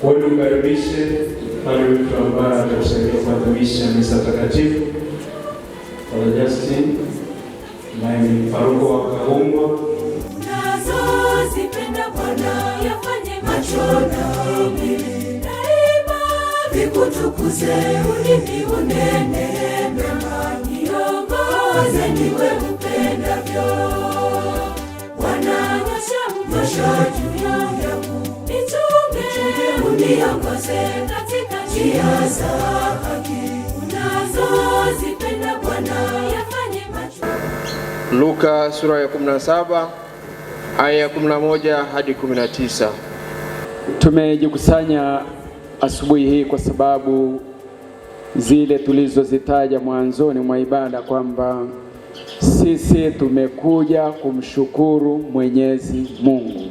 Kwa hiyo mkaribishe pale mtu ambaye atakusaidia kuadhimisha misa takatifu, Father Justin naye ni paroko wa Kahungwa. Nazozipenda Bwana yafanye macho na daima, vikutukuze ulimi unene mema, niongoze niwe upendavyo, Bwana nyosha juu niongoze katika njia za haki unazozipenda Bwana, yafanye macho. Luka sura ya 17 aya ya 11 hadi 19. Tumejikusanya asubuhi hii kwa sababu zile tulizozitaja mwanzoni mwa ibada kwamba sisi tumekuja kumshukuru Mwenyezi Mungu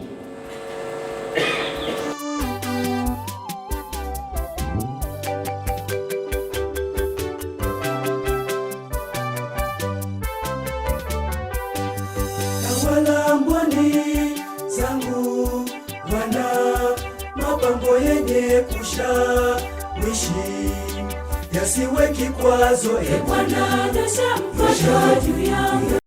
kuniepusha mwishi yasiwe kikwazo, e Bwana, nyosha mkono juu yangu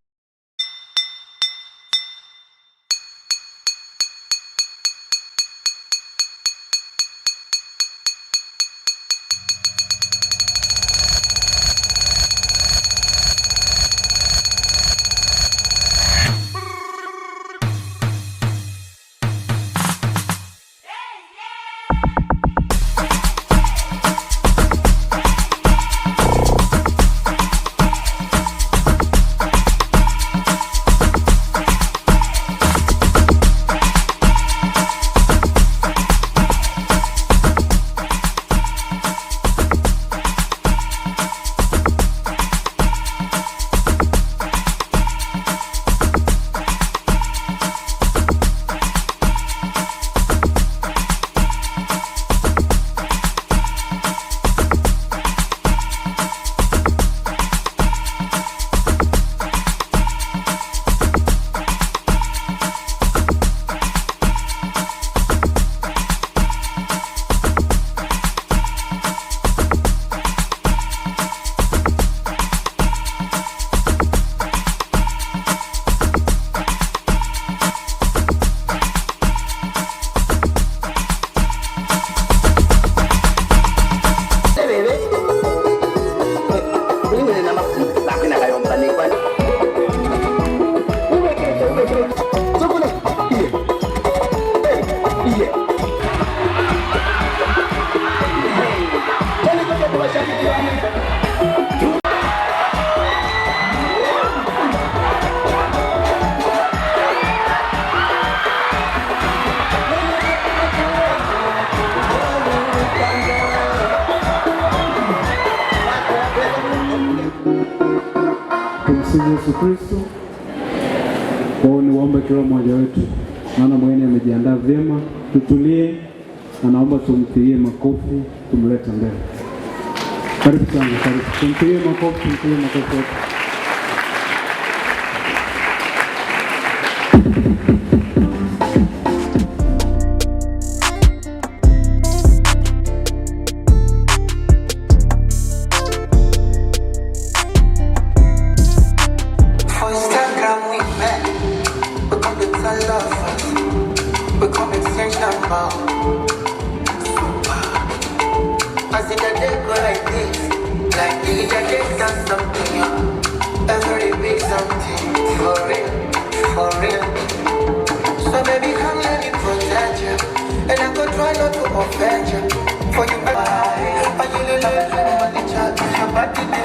Bwana Yesu Kristo. Kwao niwaombe kila mmoja wetu, maana mwenye amejiandaa vyema, tutulie, anaomba tumpigie makofi, tumlete mbele. Karibu sana, karibu, tumpigie makofi, tumpigie makofi. I see a day go like this, like in a day done something. Every week something for real, for real. So baby, come let me protect you, and I go try not to offend you. For you, I, I you love you, I want to chat,